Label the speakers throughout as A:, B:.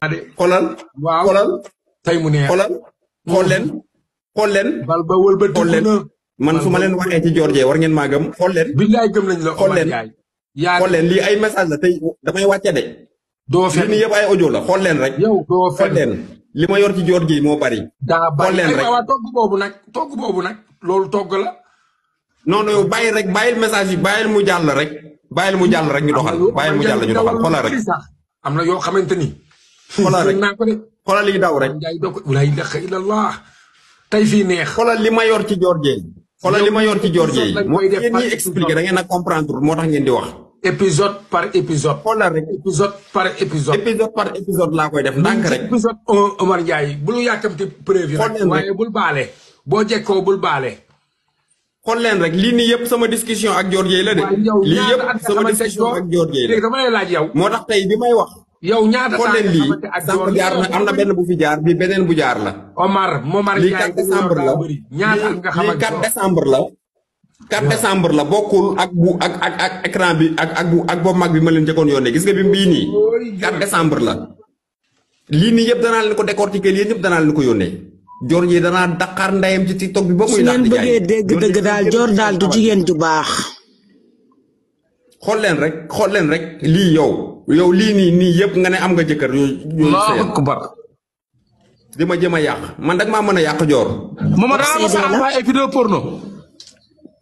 A: xoolal waaw xoolal tey mu neex xoolal xool leen xool leen bal ba wëlbati xool leen man su ma leen waxee ci joor jee war ngeen maa gëm xool leen billaay gëm nañ xool leen xool leen lii ay message la tey damay wàcce de doo fen lii yëpp ay audio la xool leen rek yow doo fen li ma yor ci joor yi moo bari xool leen rek waaw togg nag togg boobu nag loolu togg la non non yow bàyyi rek bàyyil message yi bàyyil mu jàll rek bàyyil mu jàll rek ñu doxal bàyyil mu jàll ñu doxal xoolal rek am na yoo xamante ni xoolal rek naa ko de xoolal liy daw rek. Ndiaye doo ko laa ilaaha illallah fii neex. xoolal li ma yor ci George yi. xoolal li ma yor ci George yi. mooy def expliqué da ngeen a comprendre moo tax ngeen di wax. épisode par épisode. xoolal rek épisode par épisode. épisode laa koy def ndànk rek. épisode un Omar Ndiaye bul yàkkamti prévu rek waaye bul baale. boo jekkoo bul baale. xool leen rek lii nii sama discussion ak George yi la de. lii yëpp sama discussion ak George yi la. dama lay laaj yow. moo tax tey bi may wax. yow ñaata saa yi nga jaar na amna benn bu fi jaar bi benen bu jaar la. Omar Momar Ndiaye lii 4 décembre la ñaata nga xamante ne 4 décembre la. 4 décembre la bokul ak bu ak ak ak écran bi ak ak bu ak bo mag bi ma leen jekon yone gis nga bi mbi ni 4 décembre la. li ni yeb danaa leen ko décortiquer lii yëpp danaa leen ko yone Dior yi danaa dakar ndeyam ci TikTok bi ba muy. daan di jaay su ngeen bëggee dégg dëgg daal Dior daal du jigen ju bax xol leen rek xol leen rek li yow yow lii nii nii yëpp nga ne am nga jëkkër yooyu. yooyu sa yàq di ma jëm a yàq man dag ma mën a yàq joor. moom danaa ma sa envoyé ay vidéo porno.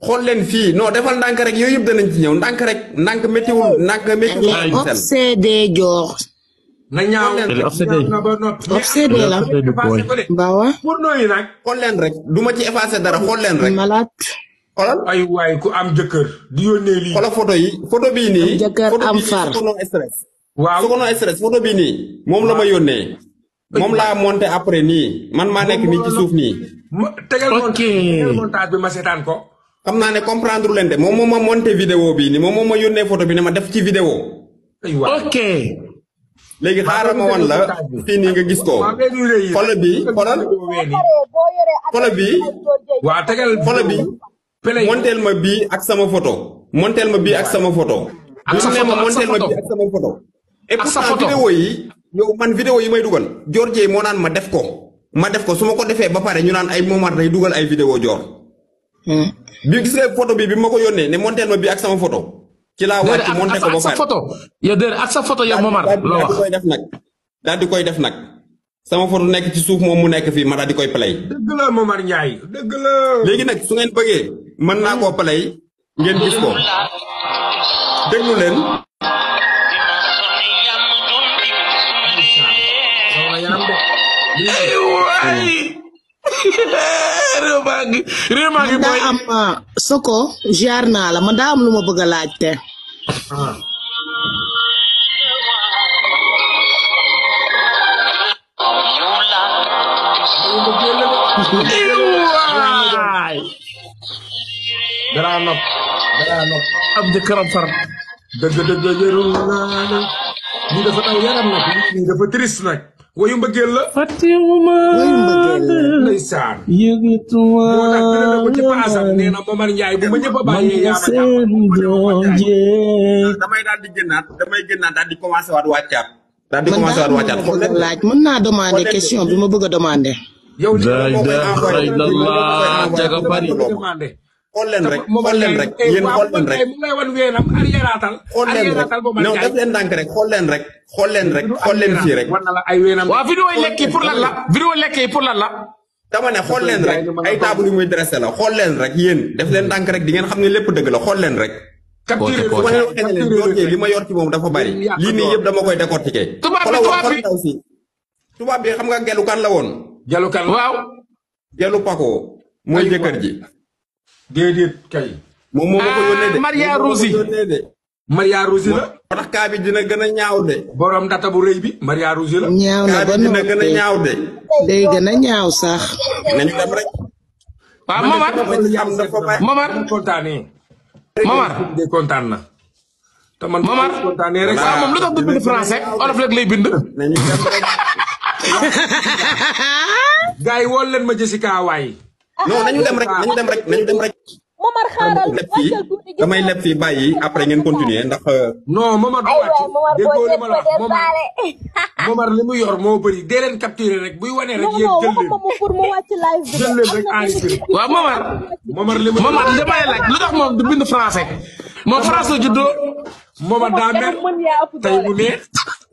A: xool leen fii non defal ndànk rek yooyu yëpp danañ ci ñëw ndànk rek ndànk méttiwul ndànk méttiwul. ay obsédé
B: joor. na ñaaw obsédé la
A: baawa xool leen rek du ma ci effacé dara xool leen rek. malaat. xoolal ay waay ku am jëkkër di yónnee lii. yi photo bii nii. jëkkër am far photo bii nii stress. waaw nii. moom la ma yónnee. moom laa monté après nii man maa nekk nii ci suuf nii. tegal montage bi ma ko. xam naa ne comprendre leen de moom moo ma monté vidéo bii nii moo ma yónnee photo bi ne ma def ci vidéo. ok. léegi xaaral ma wan la fii nii nga gis ko. xoolal bi xoolal. xoolal bi. waaw tegal xoolal bi. montel ma bi ak sama photo montel ma bi ak sama photo ak sama photo montel ma bi ak sama photo et sa vidéo yi yow man vidéo yi may dougal Georgie mo nan ma def ko ma def ko suma ko defé ba paré ñu nan ay momar day dougal ay vidéo jor hmm. bi gis nga photo bi bi mako yonné né ne montel ma bi ak sama photo ci la wàcc monté ko ba pare photo ya déedéet ak sa photo ya Momar lo wax koy def di koy def nak sama photo nek ci souf mom mu nek fi ma dal di koy play deug la Momar ñay deug la légui nak su ngeen bëggee mën na koo play ngeen gis ko déglu leen.
B: réew maa ngi booy
C: am euh, soko jaar naa la ma daa luma lu ma bëgg a laajte.
B: danaa nopp danaa nopp am jëkkëram far dëgg dëgg jërul naa la ñu dafa taw yaram nag ñu dafa triste nag wayu mbëggeel la fatiwuma
A: ndeysaan yëgituma moo tax dina la ko ci paasam nee na Momar Ndiaye bu ma ñëpp a bàyyee yaa ma jàpp damay daal di gënnaat damay gënnaat daal di commencé waat wàccaat daal di commencé waat wàccaat laaj mën naa demander question bi ma
B: bëgg demander
A: yow la ilaha illallah ca nga xool leen rek xool leen rek yéen xool leen rek mu ngay wan weenam arriéraatal arriéraatal boobu non def leen ndànk rek xool leen rek xool leen rek xool leen fii rek wan na la ay weenam waaw vidéo yi lekk yi pour lan la
B: vidéo lekk yi pour lan la
A: dama ne xool leen rek ay table yu muy dressé la xool leen rek yéen def leen ndànk rek di ngeen xam ne lépp dëgg la xool rek
B: capturé ko leen li ma yor
A: ci moom dafa bari lii nii yëpp dama koy décortiquer tubaab bi tubaab bi xam nga gelu kan la woon gelu kan waaw gelu pako mooy jëkkër ji déedéet kay. moom moo ma ko yónnee de ah, Maria Rosi Maria Rosi la. ndax kaa bi dina gën ñaaw de. borom data bu rëy bi Maria Rosi la. ñaaw na ba dina gën ñaaw de.
B: day gën ñaaw sax.
D: nañu dem rek. waaw Momar
A: Momar kontaanee. Momar de kontaan na. te man Momar kontaanee rek. waaw moom lu tax du bind français olof rek lay bind. nañu dem rek. ma Jessica non nañu dem rek nañu dem rek nañu dem rek.
E: Momar xaaral wàccal
A: tuuti. damay leb fii bàyyi après ngeen continuer ndax. Euh, non Momar du wàcc déggoo li ma la
B: wax yor moo bëri dee leen capturer rek buy wanee rek yéen jël leen pour mu wàcc live bi jël leen rek enregistré. waaw Momar. Momar li mu laaj lu tax moom du bind français moom français juddoo. Momar daa mer tey bu neex.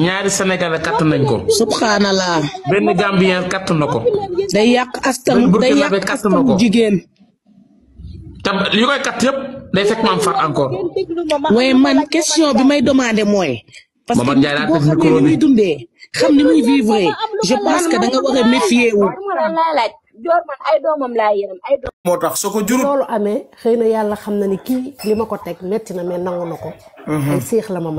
B: ñaari sénégalais katt nañ ko. subhanallah. benn gambien katt na ko.
C: day yàq askan day yàq askan jigéen.
B: tam li koy katt yëpp day fekk maam far encore.
C: waaye man question bi may demandé mooy. parce que
B: boo xamee ni muy
C: dundee
D: xam ni muy vivre je pense que da nga war a méfier wu.
B: moo tax soo ko jurul loolu
F: amee xëy na yàlla xam na ni kii li ma ko teg metti na mais nangu na ko. Mhm. ay séex la ma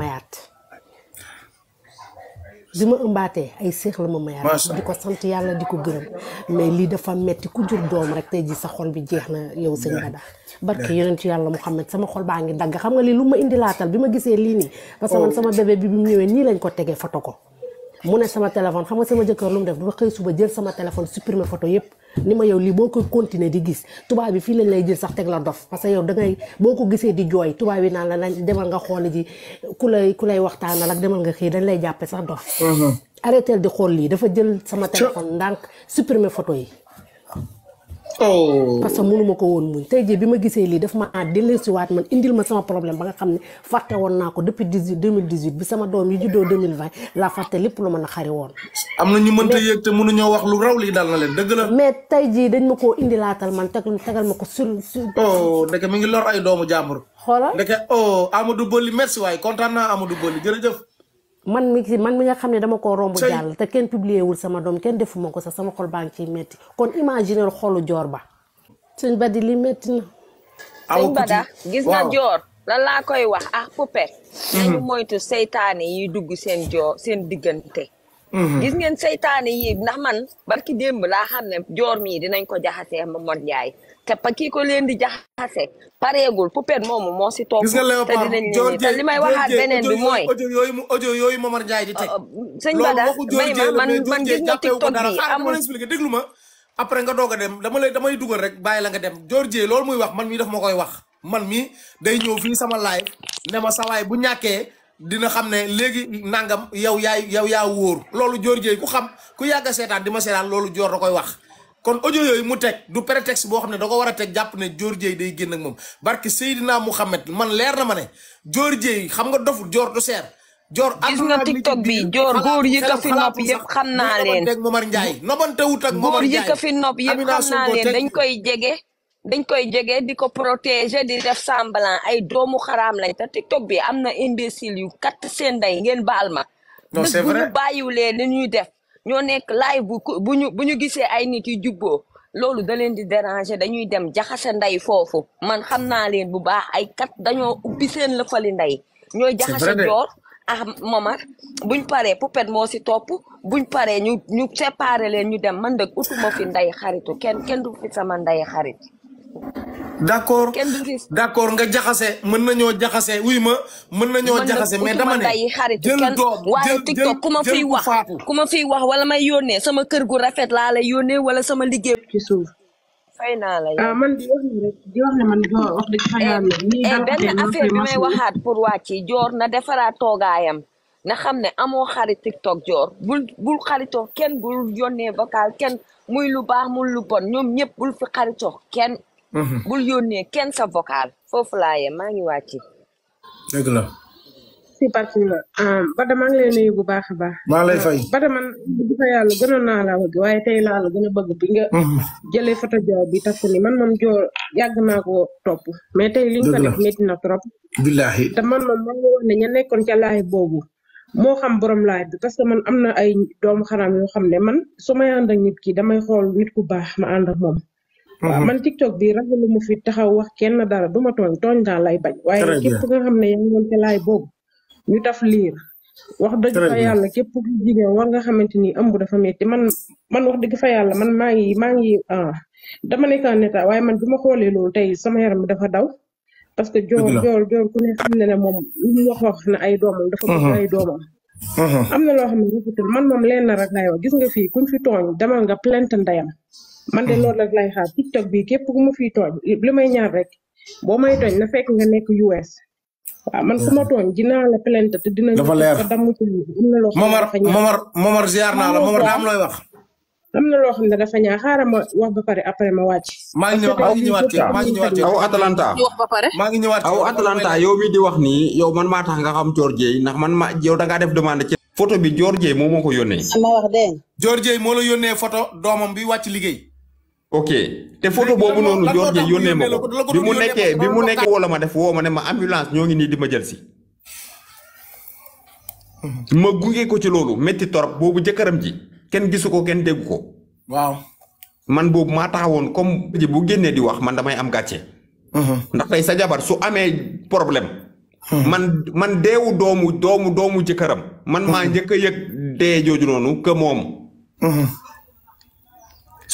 F: bi ma ëmbaatee ay séex la ma mayaat di ko sant yàlla di ko gërëm mais lii dafa metti ku jur doom rek tey jii sa xol bi jeex na yow sëñ Bada barke yonent ci yàlla Muhammad sama xol baa ngi dagg xam nga lii lu ma indilaatal bi ma gisee lii nii parce que man oh. sama bébé bi bi mu ñëwee nii lañ ko tegee foto ko mu ne sama téléphone xam nga sama jëkkër lu mu def dafa xëy suba jël sama téléphone supprimer photo yëpp ni ma yow lii boo koy continuer di gis tubaab bi fii lañ lay jël sax teg la dof parce que yow dangay boo ko gisee di jooy tubaab yi naan la nañ demal nga xool ji ku lay ku lay waxtaanal ak demal nga xëy dañ lay jàppe sax dof mhm. arrêtel di xool lii dafa jël sama téléphone ndànk supprimer photo yi Oh. parce que ma ko woon muñ tey jii bi ma gisee lii daf ma ah dellusiwaat man indil ma sama problème ba nga xam ne fàtte woon naa ko depuis dix huit deux mille dix huit bi sama doom yi juddoo deux mille vingt laa fàtte lépp lu mën a xari woon.
B: am na ñu mënta yëg te mënuñoo wax lu raw lii dal na leen dëgg la. mais
F: tey jii dañ ma koo indilaatal man teg tegal ma ko sur. oh
B: ndeke mi ngi lor ay doomu jàmbur. xoolal ndeke oh Amadou Boli merci waay kontaan naa Amadou Boli jërëjëf.
F: man mi si mi nga xam ne dama koo romb jàll te kenn publié wul sama doom kenn defuma ko sa sama xol baa ngi ciy metti kon imaginer xolu joor ba sëñ Badi li metti
E: na gis joor lan laa koy wax ah poupée mhm. nañu seytaane yi dugg seen joor seen diggante mhm. gis ngeen seytaane yi ndax man barki démb laa xam ne joor mii dinañ ko jaxasee Momar Ndiaye te kii ko len di jaxassé pareegul poupette moomu moo si toog. gis nga Léopard Dior te té limay waxat benen bi moy audio
B: yoy mu audio yooyu Momar jaay di té oh, oh, señ Bada may man man gis na TikTok bi amul expliqué déglu ma après nga doga dem dama lay damay dugal rek baye la nga dem Dior Dieye muy wax man mi daf ma koy wax man mi day ñëw fi sama live ne ma way bu ñaké dina xamné légui nangam yow yaay yow ya woor lolou Dior ku xam ku yagga a dima di lolou jor loolu da koy wax. kon audio yooyu mu teg du prétexte boo xam ne da ko war a teg jàpp ne Dior Dieye day génn ak moom na mu Mouhamed man leer na ma ne Dior Dieye xam nga doful Dior du seer. Dior gis nga TikTok bi joor góor yi ka fi nopp yëpp xam naa leen Momar Ndiaye nobante wut ak Momar Ndiaye góor yi ka fi nopp yëpp xam naa leen dañ
E: koy jege dañ koy jege di ko protéger di def semblant ay doomu xaraam lañ te TikTok bi am na imbécile yu kat seen day ngeen baal ma. non c'est vrai bàyyiwulee li ñuy def. ñoo nekk live bu bu ñu bu ñu gisee ay nit yu jubboo loolu da leen di déranger dañuy dem jaxase nday foofu man xam naa leen bu baax ay kat dañoo ubbi seen lëfali nday ñooy jaxase joor ah Momar buñ paree Poupette moo si topp buñ paree ñu ñu séparé leen ñu dem man dëgg utuma fi nday xaritu kenn kenn du fi sama nday xarit
B: d'accord d'accord nga jaxase mën nañoo jaxase wuy ma mën nañoo jaxase mais dama ne jël doom waaye TikTok ku ma fiy wax
E: ku ma fiy wax wala may yónnee sama kër gu rafet laa lay yónnee wala sama liggéey ci suuf
D: fay naa la ah, yow man di wax ne rek di wax ne man joor wax dëgg fa eh, yàlla nii eh, benn affaire bi may waxaat
E: pour wàcc joor na defaraat toogaayam na xam ne amoo xarit TikTok joor bul bul xaritoo kenn bul yónnee vocal kenn muy lu baax muy lu bon ñoom ñëpp bul fi xaritoo kenn Mhm. bul yónnee kenn sa vocal foofu laa yem maa ngi wàcc.
D: dëgg la. si parti la euh, maa ngi lay nuyu bu baax a baax. maa lay fay euh, Bada man bu ko yàlla gënoon naa la bëgg waaye tey laa la gën a bëgg bi nga. Mhm. jëlee photo Dior bi takku ni man moom Dior yàgg naa ko topp. mais tey li ñu ko def na trop. billaahi te man moom maa ngi wax ne ña nekkoon ca laay boobu. moo xam borom laay bi parce que man am na ay doomu xaram yoo xam ne man su may ànd ak nit ki damay xool nit ku baax ma ànd moom. waaw mhm. man TikTok bi ragalu mu fi taxaw wax kenn dara du ma tooñ tooñ daal lay bañ. waaye képp nga xam ne yaa ngi woon laay boobu ñu taf liir. wax dëgg fa yàlla képp ku war nga xamante ni ëmb dafa metti man man wax dëgg fa yàlla man maa ngi maa ngi ah, dama nekk en état waaye man bi ma xoolee loolu tey sama yaram bi dafa daw. parce que joor joor joor xam ne ne moom na ay doomam. dafa bëgg mhm. ay doomam. Mhm. am na loo xam ne man moom leen na rek laay wax gis nga fii kuñ fi tooñ demal nga plainte ndeyam. man de lool rek lay xaar TikTok bi képp ku ma fiy tooñ li may ñaar rek boo may tooñ na fekk nga nekk US. waaw man su ma mm-hmm. tooñ dinaa la plainte te dina dafa leer dafa damm ci am na loo xam ne dafa Momar Momar ziar naa la Momar daa am looy wax. am na loo xam ne dafa ñaax xaaral ma wax ba pare après ma wàcc. maa ngi ñëwaat maa ngi ñëwaat ci maa ngi ñëwaat ci aw Atalanta. maa
A: ngi ñëwaat ci aw Atalanta yow mii di wax nii yow man maa tax nga xam George ndax man ma yow da ngaa def demande ci. photo bi George moo moo ko yónnee. sama wax dëgg. George moo la yónnee photo doomam bi wàcc liggéey ok te photo boobu noonu jor je yone ma ko bi mu nekkee bi mu nekkee wala ma def wo ma ne ma ambulance ñoo ngi ni di ma jël ci hmm. ma guggé ko ci lolu metti torop boobu jëkëram ji kenn gisuko kenn dégguko waaw man boobu mata taxawoon comme ji bu génné di wax man damay am gàcce hmm. ndax fay sa jabar su amé problème hmm. man man déwu doomu doomu doomu jëkëram man ma jëkë yëk dé dee nonu ke mom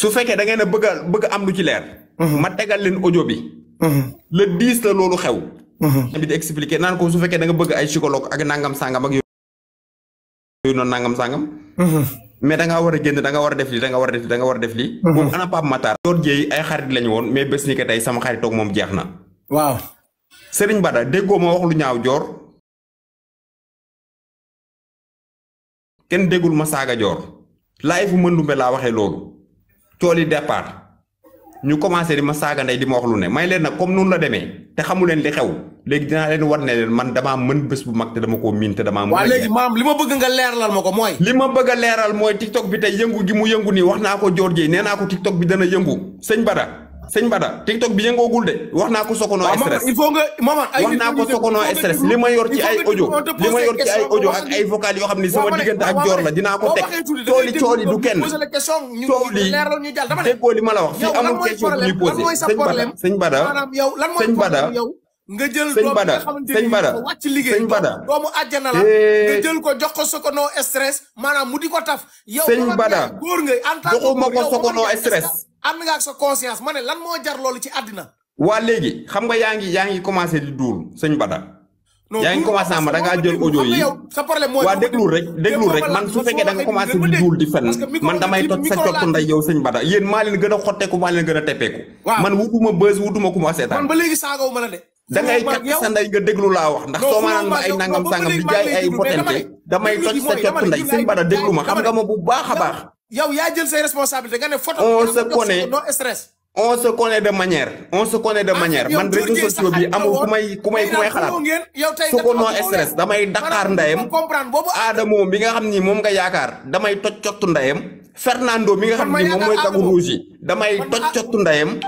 A: su fekkee da ngeen a bëgg a bëgg am lu ci leer. Mhm. ma tegal leen audio bi. Mhm. le 10 la loolu xew. Mhm. bi di expliquer naan ko su fekkee da nga bëgg ay psychologue ak nangam sangam ak yooyu noonu nangam sangam. mais da nga war a génn da nga war a def lii da nga war a def lii da nga war a def lii. boobu ana pap Matar. Dior Dieye ay xarit lañu woon mais bés ni que tey sama xarit toog moom jeex na. waaw. Serigne Bada déggoo ma wax lu ñaaw Dior. kenn déggul ma saaga Dior. laay fu mën dumbe laa waxee loolu. cooli départ ñu commencé di ma saaga ndey di ma wax lu ne may leen na comme noonu la demee te xamu leen li xew léegi dinaa leen war ne leen man damaa mën bés bu mag te dama koo miin te damaa. mën waaw léegi maam li ma bëgg nga leeralal ma ko mooy. li ma bëgga a leeral mooy TikTok bi tey yëngu gi mu yëngu nii wax naa ko Dior Dieye nee naa ko TikTok bi dana yëngu sëñ Bada. sëñ Bada TikTok bi yëngoogul de wax naa ko Sokono stress il faut nga maman ay wax naa ko Sokono stress li ma yor ci ay audio li ma yor ci ay audio ak ay vocal yoo xam ne sama diggante ak joor la dinaa ko teg cooli cooli du kenn
B: cooli déggoo li ma la wax fii amul question bu ñuy posé sëñ Bada sëñ Bada sëñ Bada nga jël doom bi nga xamante ko jox ko Sokono stress maanaam mu di ko taf yow sëñ Bada góor nga en tant que joxuma ko Sokono stress ànd nga ak sa conscience ma ne lan moo jar loolu ci àddina.
A: waa léegi xam nga yaa ngi yaa ngi commencé di duul sëñ Bada. non yaa ngi commencé am da ngaa jël audio yi sa problème mooy waa déglu rek déglul rek man su fekkee da nga commencé di duul di fen man damay toj sa cott nday yow sëñ Bada yéen maa leen gën a xotteeku maa leen gën a teppeeku man wutuma bës wutuma ku ma seetaan man ba léegi
B: saagaw ma la de da ngay kat sa
A: nday nga déglu laa wax ndax soo ma naan ma ay nangam sàngam di jaay ay potente damay toj sa cott nday sëñ Bada déglu ma xam nga ma bu baax a baax
B: yow yaa jël say responsabilité nga ne photo. on se connaît non stress.
A: de manière. on se de ah, manière man réseaux sociaux bi amul ku may ku may ku may xalaat su ko non stress damay Dakar ndayem moom bi nga xam ni moom nga yaakaar damay toj cottu ndayem Fernando mi nga xam ni moom mooy tagu rouge yi damay toj cottu ndayem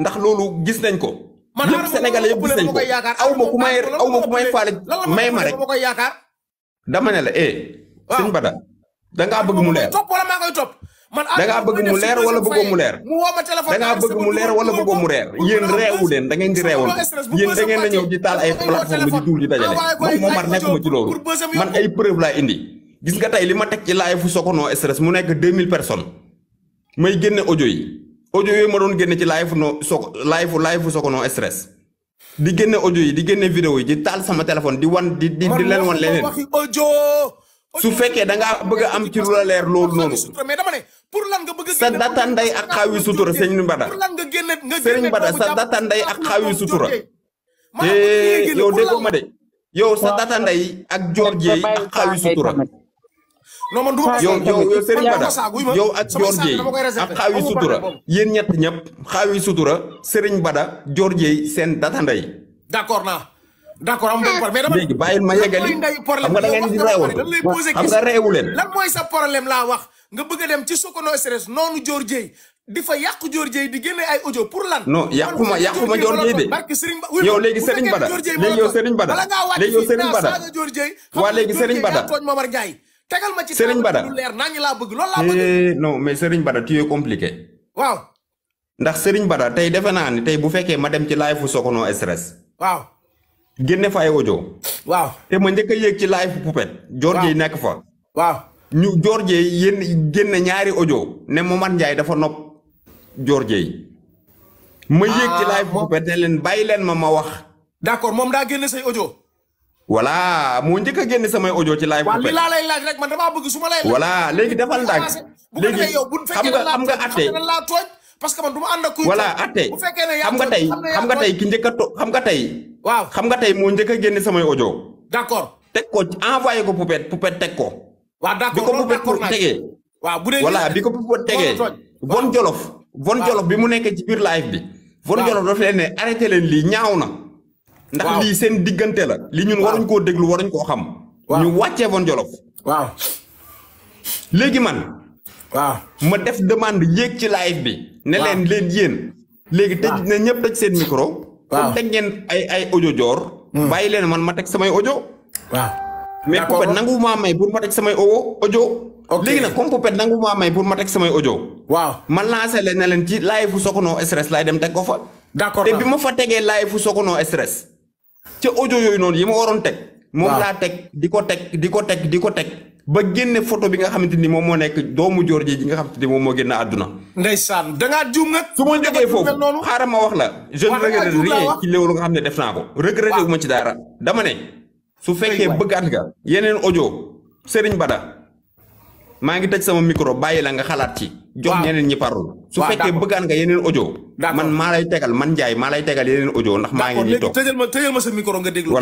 A: ndax loolu gis nañ ko. man yëpp Sénégalais yëpp gis nañ ko aw ma ku may aw ma ku may faale may ma rek dama ne la eh. Bada da ngaa bëgg mu leer topp
B: wala man bëgg mu leer wala bëggoo mu leer mu woo bëgg mu leer wala
A: bëggoo mu leer yéen reewu leen da ngeen di reewal yéen da ngeen na ñëw di taal ay plateforme di duul di dajale man Momar nekkuma ci loolu man ay preuve laa indi gis nga tey li ma teg ci live Soko No Stress mu nekk 2000 personnes may génne audio yi audio yooyu ma doon génne ci live no Soko live live Soko No Stress di génne audio yi di génne vidéo ji taal sama téléphone di wan di leen wan leneen su fekkee da ngaa bëgg am ci lu la leer loolu noonu sa data nday ak xaawi sutura sëñ Bada sëñ Bada sa data nday ak xaawi sutura te
B: eh, yow déggoo
A: ma de yow sa data nday ak joor jeey ak xaawi sutura yow yow sëñ Bada yow ak joor jeey ak xaawi sutura yéen ñett ñëpp xaawi sutura sëriñ Bada joor jeey seen data nday d'accord
B: am na mais léegi bàyyil ma yeggali xam nga da ngeen di nga reewu leen lan mooy sa problème laa wax nga bëgg a dem ci Sokono SRS noonu Dior Dieye di fa yàqu joor Dieye di génne ay audio pour lan. non yàqu ma yàqu ma Dior Dieye de yow léegi Serigne Bada léegi yow Serigne Bada léegi yow Serigne Bada waa léegi Serigne Bada tegal ma ci Serigne Bada leer naa ñu laa bëgg loolu laa bëgg
A: eh, non mais Serigne Bada tu es compliqué ndax Serigne Bada tey defe naa ni tey bu fekkee ma dem ci live fu Sokono SRS waaw génne fa ay audio. waaw te ma njëkka a yéeg ci live Poupette. waaw Georgie nekk fa. waaw ñu Georgie yéen génne ñaari audio ne Momar Ndiaye dafa nopp Georgie. ma ah, yéeg ci live Poupette ne leen bàyyi leen ma ma wax. d'accord moom daa génne say audio. voilà moo njëkk a génne samay audio ci live. Poupette waaw li laa
B: lay laaj rek man damaa bëgg su ma lay. voilà léegi defal ndànk. léegi xam nga xam nga atte parce que man du ma ànd ak kuy voilà atte xam nga tey xam nga tey ki
A: njëkk a to xam nga tey. waaw xam nga tey moo njëkk a génne samay audio. d'accord teg ko envoyé ko Poupette Poupette teg ko. waaw d'accord loolu d'accord bi ko Poupette tegee. waaw bu dee voilà bi ko Poupette tegee. Von Jolof. Von Jolof bi mu nekkee ci biir live bi. Von Jolof daf leen ne arrêté leen lii ñaaw na. ndax lii seen diggante la. li ñun waruñ koo déglu waruñ koo xam. ñu wàccee Von Jolof. waaw. léegi man. ma def demande yéeg ci live bi. ne leen yéen. léegi tëj na ñëpp tëj seen micro. waaw teg ngeen ay ay audio joor. Hmm. bàyyi leen man ma teg samay audio. waaw mais Poupette nangu maa may pour ma teg samay audio. ok léegi nag comme Poupette nangu maa may pour ma teg samay audio. waaw ma lancé leen ne leen ci live Sokono Stress laay dem teg ko fa. d'accord te bi ma fa tegee live Sokono Stress. ca audio yooyu noonu yi ma waroon teg. moom laa teg di ko teg di ko teg di ko teg. ba génne foto bi nga xamante ni moom moo nekk doomu George ji nga xamante ni moom moo génn àdduna. ndeysaan da ngaa juum nag. su ma jógee foofu xaaral ma wax la. je ne regrette ci loolu nga xam ne def naa ko. regretté wu ma ci dara. dama ne su fekkee bëggaat nga. yeneen audio Serigne Bada maa ngi tëj sama mikro bàyyi la nga xalaat ci. jox ñeneen ñi parole. su fekkee bëggaan nga yeneen audio. man maa lay tegal man njaay maa lay tegal yeneen audio ndax maa ngi nii toog. ma tëjal ma sa micro nga déglu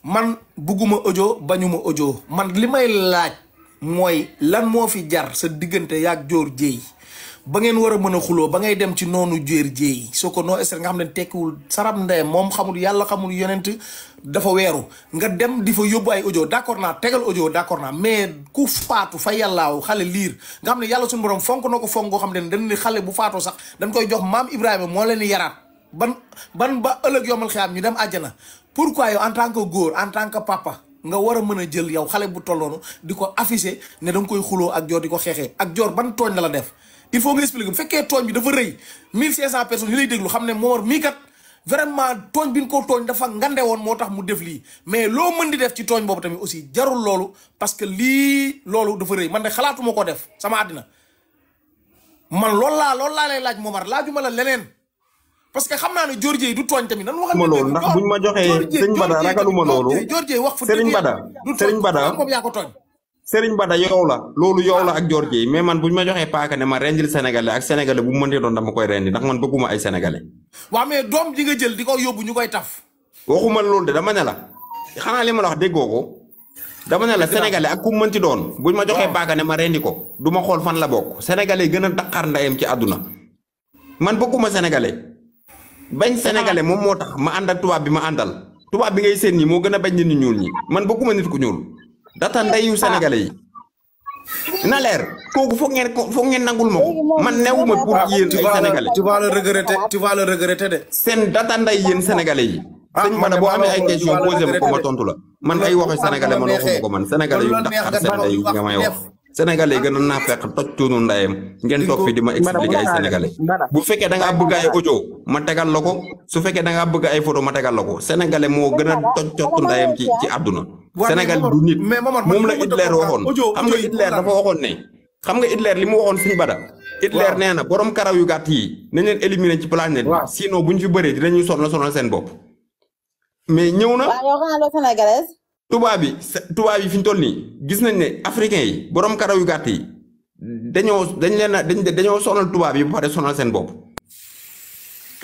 B: man buguma ojo bañuma audio man limay laaj moy lan mo fi jar sa digënté yak jor jéey ba ngeen wara mëna xulo ba ngay dem ci nonu jor jéey soko no est nga xam ne tekkiwul sarab ndey mom xamul yalla xamul yonent dafa wéru nga dem difa yobbu ay audio d'accord na tegal audio d'accord na mais ku faatu fa wu xalé lire nga xam ne yàlla borom fonk na fonk go xam dañ ni xalé bu faatu sax dañ koy jox mam ibrahima mo leen yarat ban ban ba ëlëk yomul xiyam ñu dem aljana pourquoi yow en tant que góor en tant que papa nga wara meuna jël yow xalé bu tolloonu diko afficher né dang koy xulo ak jor diko xexé ak jor ban togn la def il faut nga expliquer bu fekkee bi dafa reuy 1500 personnes yi lay déglu xamné ne moomar mii kat vraiment togn biñ ko togn dafa ngandé won motax mu def li mais lo meun di def ci togn bobu tamit aussi jarul lolu parce que li lolu dafa reuy man de xalaatuma ko def sama adina man loolu la loolu la lay laaj momar laajuma la leneen parce que xam naa ne George yi du tooñ tamit nan wax. ma loolu ndax buñ ma joxee sëriñ Bada ragaluma loolu. George wax fu
A: yaa ko tooñ. sëriñ Bada yow loolu yow la ah. ak George yi mais man buñ ma joxee paaka ne ma rendil sénégalais ak sénégalais bu mu mënti doon dama koy rendi ndax man bëgguma ay sénégalais.
B: waaw mais doom ji nga jël di ko yóbbu ñu koy taf.
A: waxuma loolu de dama ne la xanaa ma wax déggoo dama ne la sénégalais ak ku mu mënti doon buñ ma joxee ah. paaka ne ma rendi ko duma xool fan la bokk sénégalais gën a daqaar ndayem ci àdduna man bëgguma sénégalais bañ sénégalais moom moo tax ma ànd ak tubaab bi ma àndal tubaab bi ngay seen ñi moo gën a bañ nit ñu ñuul ñi man bëgguma nit ku ñuul data ndeyu sénégalais yi na leer kooku foog ngeen ko foog ngeen nangul ma ko man newuma pour yéen ay sénégalais tu vas le regretter tu vas le regretter seen data nday yéen sénégalais yi ah, sëñ Bada boo amee ay question posé ma ko ma tontu la man ay waxu sénégalais man waxuma ko man sénégalais yu ndax ak sénégalais yu nga may wax sénégalais yi gën a naa fekk toj tuunu ndayem ngeen toog fi di ma expliquer ay sénégalais bu fekkee da ngaa bëgg ma tegal la ko su fekkee da ngaa bëgg ay photo ma tegal la ko sénégalais moo gën a toj toj ndayem ci ci àdduna sénégal du nit moom la Hitler waxoon xam nga Hitler dafa waxoon ne xam nga Hitler li mu waxoon suñu bada Hitler nee na borom karaw yu gàtt yi nañ leen éliminer ci planète bi sinon bu ñu fi bëree dinañu sonal sonal seen bopp mais ñëw na Tuba bi tuba bi fiñ tolni gis nañ ne africain yi borom karaw yu gàtt yi dañoo dañ leen dañ dañoo sonal tuba bi bu pare sonal sen bop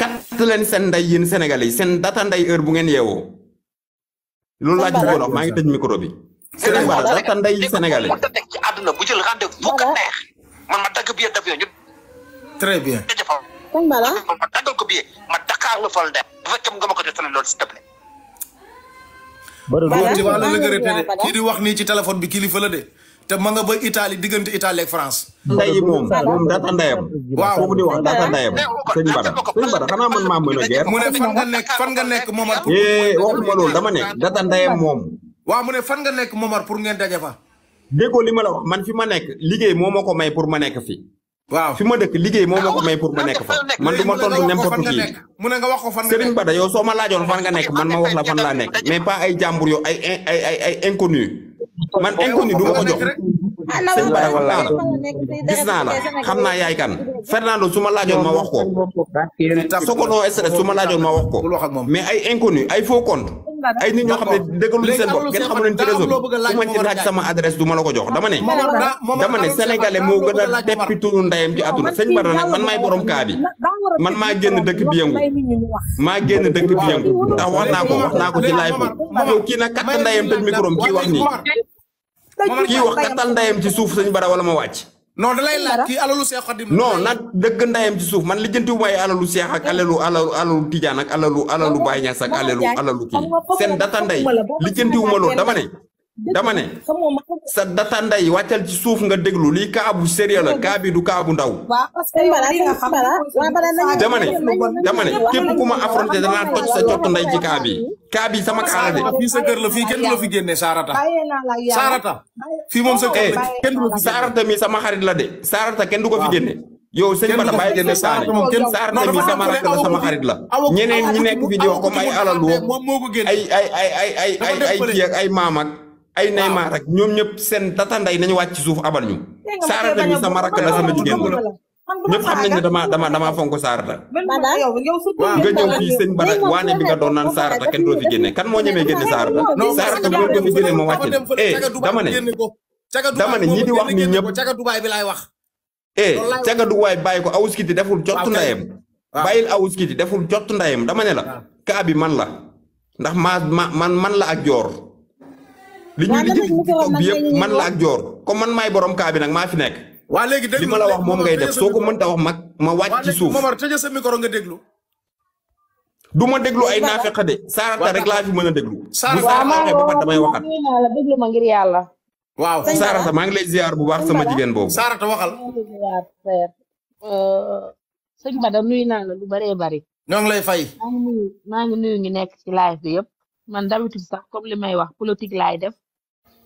A: kat leen sen nday yeen sénégalais sen data nday heure bu ngeen yewoo loolu la ci bëggoon ngi tej micro bi. sen ba data nday sénégalais yi tek ci aduna bu
C: jël
B: rendez-vous bu ka neex man ma dagg biya
A: d'avion ñu. très bien.
B: Sëriñ Bara ma daggal ko biya ma Dakar la fal dem fa ci nga ko jot loolu s'il te plaît
A: Badou di wax la
B: wax nii ci téléphone bi kilifa la de te ma nga ba Italie
A: diggante Italie ak France. ndayi moom moom daata ndayam. waaw foofu di wax daata ndayam. sëñ Bada sëñ Bada xanaa man maa mën a jeer. mu ne fan nga nekk fan nga nekk Momar. Eh, waxuma loolu dama ne daata ndayam moom. waa mu ne fan nga nekk Momar pour ngeen daje fa. déggoo li ma la wax man fi ma nekk liggéey moo ma ko may pour ma nekk fi waaw fi ma dëkk liggéey moo ma ah, may pour ma nekk fa man du ma tontu n'importe qui mu ne nga wax ko fan nga Bada yow soo ma laajoon fan nga nekk man ma wax la fan laa nekk mais pas ay jàmbur yow ay ay ay ay inconnu man inconnu du ma ko jox Ah, sëñ Bara wala naa la xam naa yaay kan Fernando su ma laajoon ma wax ko Sokono stress su ma laajoon ma wax ko mais ay inconnu ay faux compte ay nit ñoo xam ne déggaluñu seen bopp ngeen xamu leen ci ma ci laaj du ma la ko jox dama ne dama ne sénégalais moo gën a teppi turu ndeyam ci àdduna sëñ Bara nag man maay borom kaa man maa génn dëkk bi yëngu
C: maa génn dëkk bi yëngu ndax wax naa ko wax naa ko ci live
A: bi yow kii nag kat ndeyam tëj micro kii wax nii
B: kii wax kattal
A: ndayam ci suuf sëñ bara wala ma wàcc. non da lay laaj kii alalu Seex Xaadim. non nag dëgg ndayam ci suuf man lijjanti wu may alalu Seex ak alalu alalu alalu Tijaan ak alalu alalu Baay Ñas ak alalu alalu kii seen data nday lijjanti ma loolu dama ne. dama ne sa data nday wàccal ci suuf nga déglu lii kaa bu sérieux la kaa bi du kaa bu ndaw. dama ne dama ne képp ku ma affronté danaa toj sa cottu nday ci kaa bi kaa bi sama kaa la de. fii sa kër la fii kenn du la fi génne Sarata. Sarata fii moom sa kenn du la fi mi sama xarit la de Sarata kenn du ko fi génne. yow sëñ Bada bàyyi leen ne Saare Saare mi sama sama xarit la ñeneen ñi nekk fi di wax comme ay alalu ay ay ay ay ay ay ay maam ay Neymar ak ñoom ñëpp seen data nday nañu wàcc ci suuf abal ñu.
D: saarata mi sama rakk la sama jigéen la ñëpp xam nañ ne
A: damaa dama damaa fonk saarata.
D: waaw nga ñëw fii sëñ Bada waane bi nga doon naan saarata kenn doo fi génne kan moo ñemee génne saarata. saarata bu doon ko fi génne ma wàcc na eh
A: dama ne. dama ne ñi di wax ni ñëpp caga Dubaay bi laay wax. eh caga Dubaay bàyyi ko awuskiti deful jot ndayem. bàyyil awuskiti deful jot ndayem dama ne la. kaa bi man la ndax maa ma man man la ak joor li ñu lijjanti ko bi yepp man la ak jor ko man may borom ka bi nak ma fi nek wa léegi deug ma la wax mom ngay def soko mën ta wax mak ma wacc ci suuf. Momar tëjee sa micro nga deglu duma deglu ay naafeq de sarata rek la fi meuna deglu sarata ma waaw maa ngi woo damay waxat.
C: deglu ma ngir yalla
A: waaw sarata ma ngi lay ziar bu baax sama jigen bobu sarata
C: waxal. seug ma da nuy na la lu bare bare ñoo lay fay. ma ngi nuyu ngi nek ci live bi yëpp man d'habitude sax comme li may wax politique lay def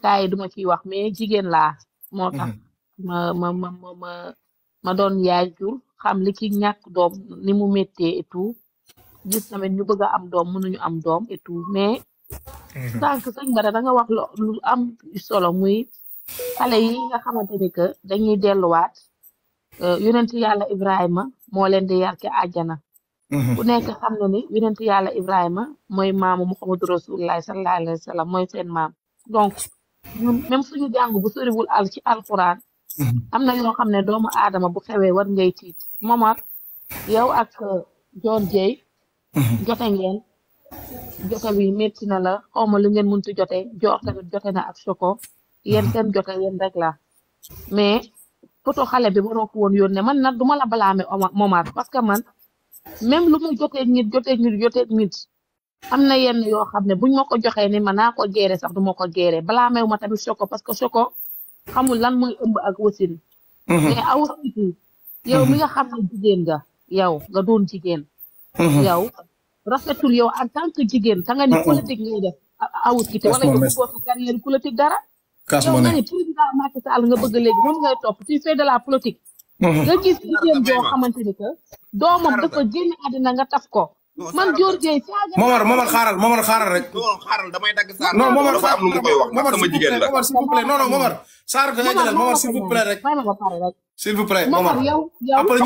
C: gaa duma ciy wax mais jigéen laa moo tax mm-hmm. ma ma ma ma ma doon yaay jur xam li ci ñàkk doom ni mu méttee et tout gis tamit ñu bëgg a am doom mënuñu am doom et tout mais mm-hmm. sànq sëñ Bada da nga wax lu am solo muy xale yi nga xamante ni que dañuy delluwaat euh, yonent yàlla Ibrahima moo leen di yar ci àjjana mm-hmm. ku nekk xam na ni yonent yàlla Ibrahima mooy maamu Muhammadu Rasulullah sallallahu alayhi wa sallam mooy seen maam donc ñun même suñu jàng bu soriwul al ci alxuraan am na yoo xam ne doomu aadama bu xewee war ngay tiit Momar yow ak euh, John Dieye jote ngeen jote bi métti na la xawma li ngeen muntu jote joor tamit jote na ak Choco yéen ten jote yéen rek la mais poto xale bi waroo ko woon ne man na duma la balaame Momar parce que man même lu mu joteeg nit joteeg nit am na yenn yoo xam ne buñ ma ko joxee ni ma naa ko gérer sax du ma ko gérer balaa meew ma tamit Choco parce que Choco xamul lan mooy ëmb ak wasin mhm. mais aw siti yow mi nga xam ne jigéen nga yow nga doon jigéen mhm. yow rafetul yow en tant jigéen ta nga ni mhm. politique ngay def awut kite wala yow bëggoo sa carrière politique dara yow nga ni nga bëgg léegi moom ngay topp tu fais de la politique nga jigéen joo xamante ni que doomam dafa génn àddina nga taf ko man Dior Dieye. Momar Momar xaaral
A: Momar xaaral rek. non xaaral damay dagg Sarr. non Momar xaaral am jigéen la. Momar s'il vous plaît non non Momar. Sarr da ngay jëlal Momar s'il vous plaît rek.
B: s'il vous
C: plaît Momar. après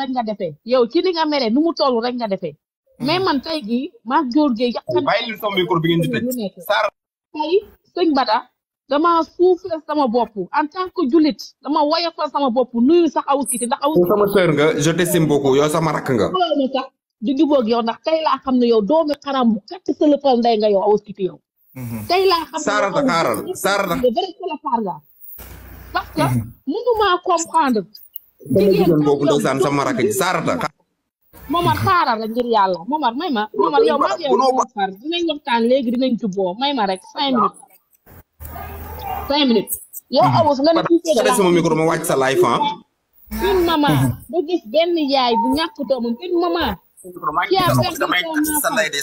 C: rek nga defee. yow ci li nga mere nu mu toll rek nga defee. Hmm. mais man tey jii maa Dior Dieye. bàyyi leen
A: sama micro bi ngeen di tëj.
C: Sarr tey sëñ Bada. dama suufle sama bopp en tant que jullit dama woyofal sama bopp nuyu sax awu kiti ndax awu sama sœur nga
A: je t'estime beaucoup yow sama rakk nga
C: loolu yow ndax tey laa xam ne yow doomi xaram bu katt sëlëfal nday nga yow awu kiti yow mm-hmm. tey laa xam ne saarata xaaral saarata vrai mm-hmm. comprendre jigéen boobu ndeysaan sama
A: rakk ji saarata
C: Momar xaaral rek ngir yàlla Momar may ma Momar yow maa yow waxtaan dinañ waxtaan may ma rek cinq Mhm.
A: ma wàcc sa live ah.
C: une maman. nga mhm. gis benn yaay bu ñàkk doomam une maman.
A: ci a fekk doomam ah te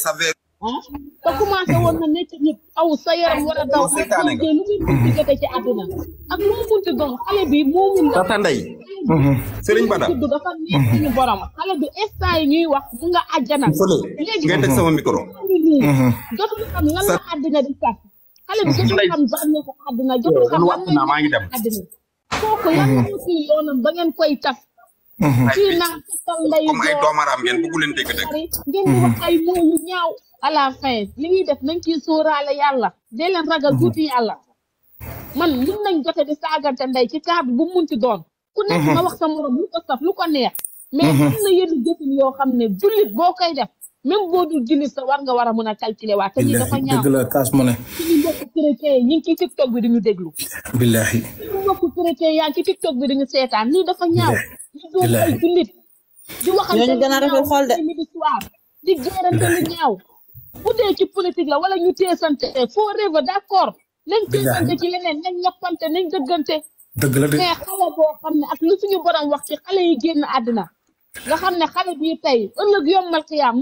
C: sa yaram a daw ak lu muy munti mhm. jote ci àdduna ak lu mu bi moo mun la tata bi instant yi ñuy wax mu nga àjjana léegi nga teg sama micro jotul xam lan la àdduna di sax xale bi jotul xam ba am na ko àdduna jotul xam si mhm. yoonam ba ngeen koy taf kii mhm. naa takkal ndeyu doomaraam
A: ngeen bëggu leen dégg dégg
C: ngeen wax ay moo ñaaw à la fin li ñuy def nañ ciy sóoraale yàlla dee leen ragal mhm. tuuti yàlla man mun nañ jote di saagante ndey ci cadre bu munti doon ku nekk na wax sa morom lu ko saf lu ko neex mais am na yenn jëfin yoo xam ne jullit boo koy def même boo dul jullit war nga war a mën a calculer waa te ñii dafa ñaaw dëgg la kaas mu ne suñu mbokku chrétien yi ci tiktok bi diñu déglu billahi suñu mbokku chrétien bi diñu seetaan lii dafa ñaaw ñu doon ay jullit di waxante gën a rafet xool de midi soir di ñaaw bu dee ci politique la wala ñu teesante foo rêve d'accord nañ teesante ci leneen nañ ñoppante nañ dëggante dëgg la de mais xale boo xam ne ak lu suñu borom wax ci xale yi génn àddina nga xam ne xale bii tey ëllëg yombal xiyaam